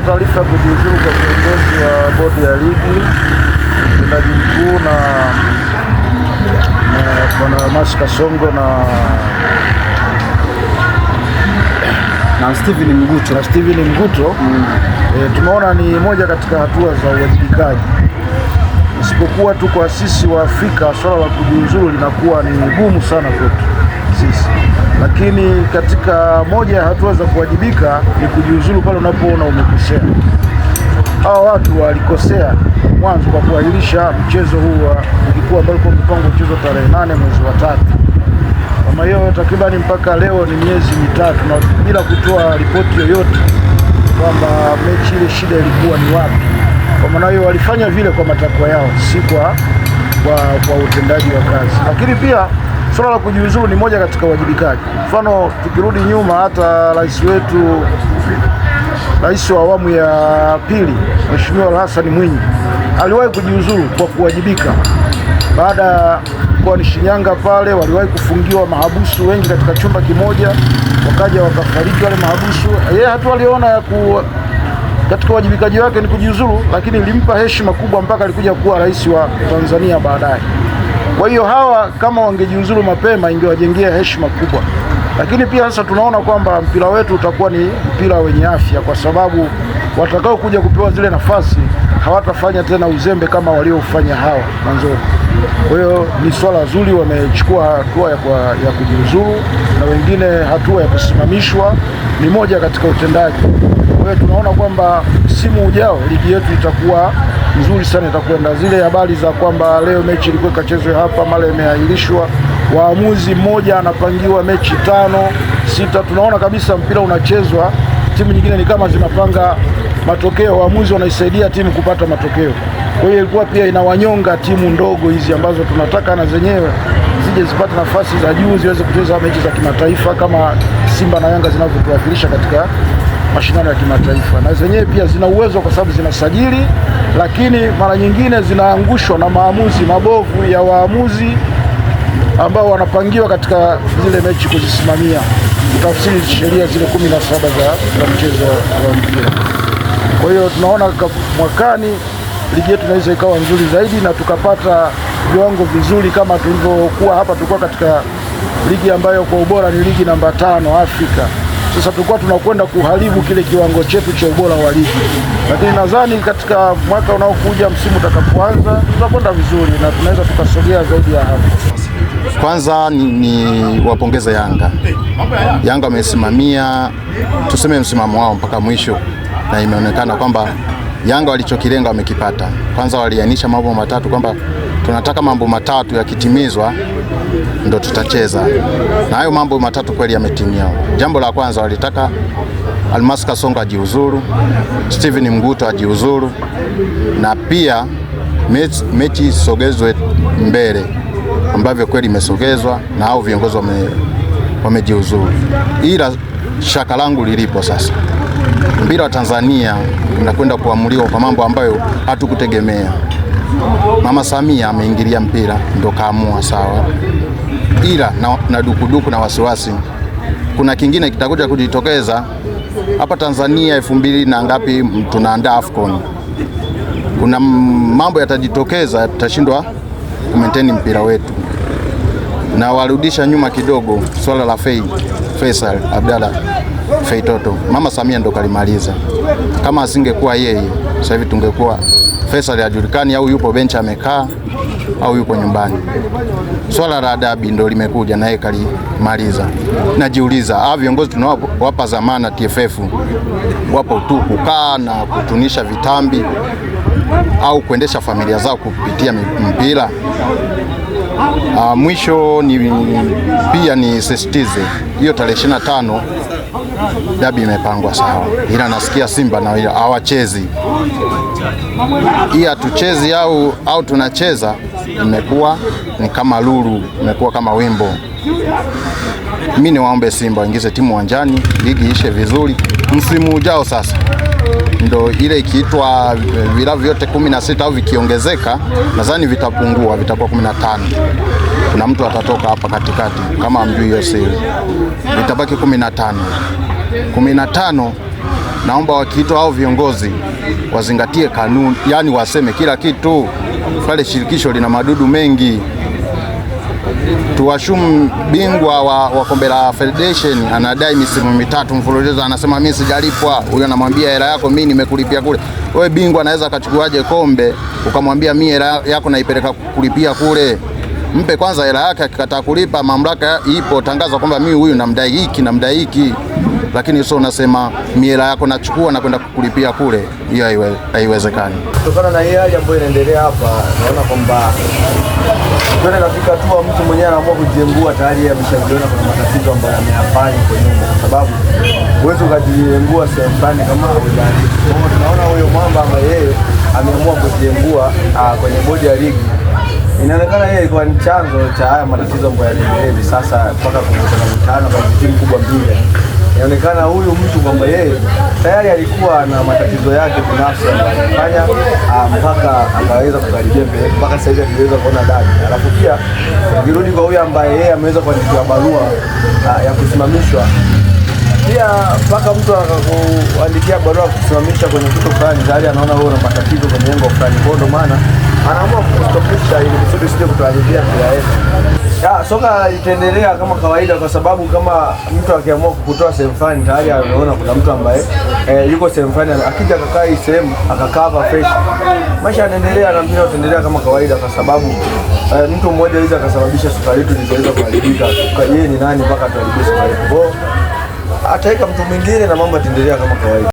Tumepata taarifa ya kujiuzulu kwa kiongozi wa bodi ya ligi mtendaji mkuu na eh, bwana Mashi Kasongo na na Steven Mguto na Steven Mguto mm. E, tumeona ni moja katika hatua za uwajibikaji, isipokuwa tu kwa sisi wa Afrika swala la kujiuzulu linakuwa ni gumu sana kwetu sisi lakini katika moja ya hatua za kuwajibika ni kujiuzulu pale unapoona umekosea. Hawa watu walikosea mwanzo kwa kuahirisha mchezo huu wa ligi kuu ambao ulikuwa mpango mchezo tarehe nane mwezi wa tatu. maana hiyo takribani mpaka leo ni miezi mitatu na bila kutoa ripoti yoyote kwamba mechi ile shida ilikuwa ni wapi. Kwa maana hiyo walifanya vile kwa matakwa yao, si kwa kwa utendaji wa kazi, lakini pia Swala la kujiuzuru ni moja katika uwajibikaji. Mfano, tukirudi nyuma, hata rais wetu, rais wa awamu ya pili, Mheshimiwa Hassan Mwinyi aliwahi kujiuzuru kwa kuwajibika baada ya mkoani Shinyanga pale waliwahi kufungiwa mahabusu wengi katika chumba kimoja, wakaja wakafariki wale mahabusu. Yeye hatua aliona ya ku katika uwajibikaji wake ni kujiuzuru, lakini ilimpa heshima kubwa mpaka alikuja kuwa rais wa Tanzania baadaye. Kwa hiyo hawa kama wangejiuzuru mapema ingewajengea heshima kubwa, lakini pia sasa tunaona kwamba mpira wetu utakuwa ni mpira wenye afya, kwa sababu watakao kuja kupewa zile nafasi hawatafanya tena uzembe kama waliofanya hawa mwanzoni. Kwa hiyo ni swala zuri, wamechukua hatua ya, ya kujiuzuru na wengine hatua ya kusimamishwa, ni moja katika utendaji. Kwa hiyo tunaona kwamba msimu ujao ligi yetu itakuwa nzuri sana, itakwenda. Zile habari za kwamba leo mechi ilikuwa ikachezwe hapa, mara imeahirishwa, waamuzi mmoja anapangiwa mechi tano sita, tunaona kabisa mpira unachezwa timu nyingine ni kama zinapanga matokeo, waamuzi wanaisaidia timu kupata matokeo. Kwa hiyo ilikuwa pia inawanyonga timu ndogo hizi ambazo tunataka na zenyewe zije zipate nafasi za juu ziweze kucheza mechi za kimataifa kama Simba na Yanga zinavyotuwakilisha katika mashindano ya kimataifa, na zenyewe pia zina uwezo kwa sababu zinasajili, lakini mara nyingine zinaangushwa na maamuzi mabovu ya waamuzi ambao wanapangiwa katika zile mechi kuzisimamia kutafsiri sheria zile kumi na saba za mchezo wa mpira. Kwa hiyo tunaona mwakani ligi yetu inaweza ikawa nzuri zaidi na tukapata viwango vizuri kama tulivyokuwa hapa. Tulikuwa katika ligi ambayo kwa ubora ni ligi namba tano Afrika. Sasa tulikuwa tunakwenda kuharibu kile kiwango chetu cha ubora wa ligi, lakini nadhani katika mwaka unaokuja msimu utakapoanza tutakwenda vizuri na tunaweza tukasogea zaidi ya hapo. Kwanza ni, ni wapongeze Yanga Yanga wamesimamia tuseme msimamo wao mpaka mwisho, na imeonekana kwamba Yanga walichokilenga wamekipata. Kwanza walianisha mambo matatu kwamba tunataka mambo matatu yakitimizwa ndo tutacheza, na hayo mambo matatu kweli yametimia. Jambo la kwanza walitaka Almas Kasongo ajiuzuru, Steven Mguto ajiuzuru, na pia mechi, mechi sogezwe mbele ambavyo kweli imesogezwa na hao viongozi wame wamejiuzuru, ila shaka langu lilipo sasa, mpira wa Tanzania unakwenda kuamuliwa kwa mambo ambayo hatukutegemea. Mama Samia ameingilia mpira ndo kaamua sawa, ila na, na dukuduku na wasiwasi, kuna kingine kitakuja kujitokeza hapa Tanzania elfu mbili na ngapi, tunaandaa AFCON. Kuna mambo yatajitokeza, tutashindwa kumaintain mpira wetu na warudisha nyuma kidogo swala la Fei Faisal Abdalla Fei Toto. Mama Samia ndo kalimaliza. Kama asingekuwa yeye, sasa hivi tungekuwa Faisal hajulikani au yupo benchi amekaa au yupo nyumbani. Swala la adabi ndo limekuja na yeye kalimaliza. Najiuliza, a viongozi tunawapa zamana TFF wapo tu kukaa na kutunisha vitambi au kuendesha familia zao kupitia mpira? Uh, mwisho ni, pia nisisitize hiyo tarehe 25 dabi imepangwa sawa, ila nasikia Simba na hawachezi hii, hatuchezi au, au tunacheza, imekuwa ni kama lulu, imekuwa kama wimbo. Mimi niwaombe Simba waingize timu uwanjani, ligi ishe vizuri msimu ujao sasa ndo ile ikiitwa eh, vila vyote kumi na sita au vikiongezeka, nadhani vitapungua, vitakuwa kumi na tano kuna mtu atatoka hapa katikati kama amjui hiyo siri, vitabaki kumi na tano kumi na tano Naomba wakiitwa hao viongozi wazingatie kanuni, yani waseme kila kitu pale. Shirikisho lina madudu mengi tuwashumu bingwa wa, wa kombe la Federation anadai misimu mitatu mfululizo, anasema mimi sijalipwa. Huyo anamwambia hela yako mimi nimekulipia kule. Wewe bingwa anaweza akachukuaje kombe ukamwambia mimi hela yako naipeleka kulipia kule? Mpe kwanza hela yake, akikataa kulipa, mamlaka ipo tangaza kwamba mimi huyu namdai hiki namdai hiki lakini sio unasema miela yako nachukua na kwenda kukulipia kule, hiyo haiwezekani. Kutokana na hii hali ambayo inaendelea hapa, naona kwamba tunaenda kufika tu mtu mwenyewe anaamua kujiengua tayari, ameshajiona kuna matatizo ambayo ameyafanya kwa nyuma, kwa sababu huwezi ukajiengua sehemu fulani kama hujaandika. Tunaona huyo mwamba ambaye yeye ameamua kujiengua ah, kwenye bodi ya ligi inaonekana yeye ilikuwa ni chanzo cha haya matatizo ambayo yanaendelea hivi sasa mpaka kuna mkutano kwa timu kubwa mbili inaonekana huyu mtu kwamba yeye tayari alikuwa na matatizo yake binafsi anafanya ah, mpaka akaweza kukaribia mbele mpaka sasa hivi aliweza kuona dani Alafu pia ukirudi kwa huyu ambaye yeye ameweza kuandikiwa barua ah, ya kusimamishwa pia mpaka mtu akakuandikia barua kusimamisha kwenye kitu fulani, tayari anaona wewe una matatizo kwenye engo fulani. Kwa ndo maana anaamua kutokuta ili kusudi usije kutuharibia mpira yetu. Soka itaendelea kama kawaida, kwa sababu kama mtu akiamua kukutoa sehemu fulani tayari ameona kuna mtu ambaye eh, yuko sehemu fulani, akija akakaa hii sehemu akakava fresh, maisha yanaendelea na mpira utaendelea kama kawaida, kwa sababu eh, mtu mmoja aweza akasababisha soka letu lizoweza kuharibika. Yeye ni nani mpaka tuharibie soka letu? Kwa Ataika mtu mwingine na mambo yataendelea kama kawaida.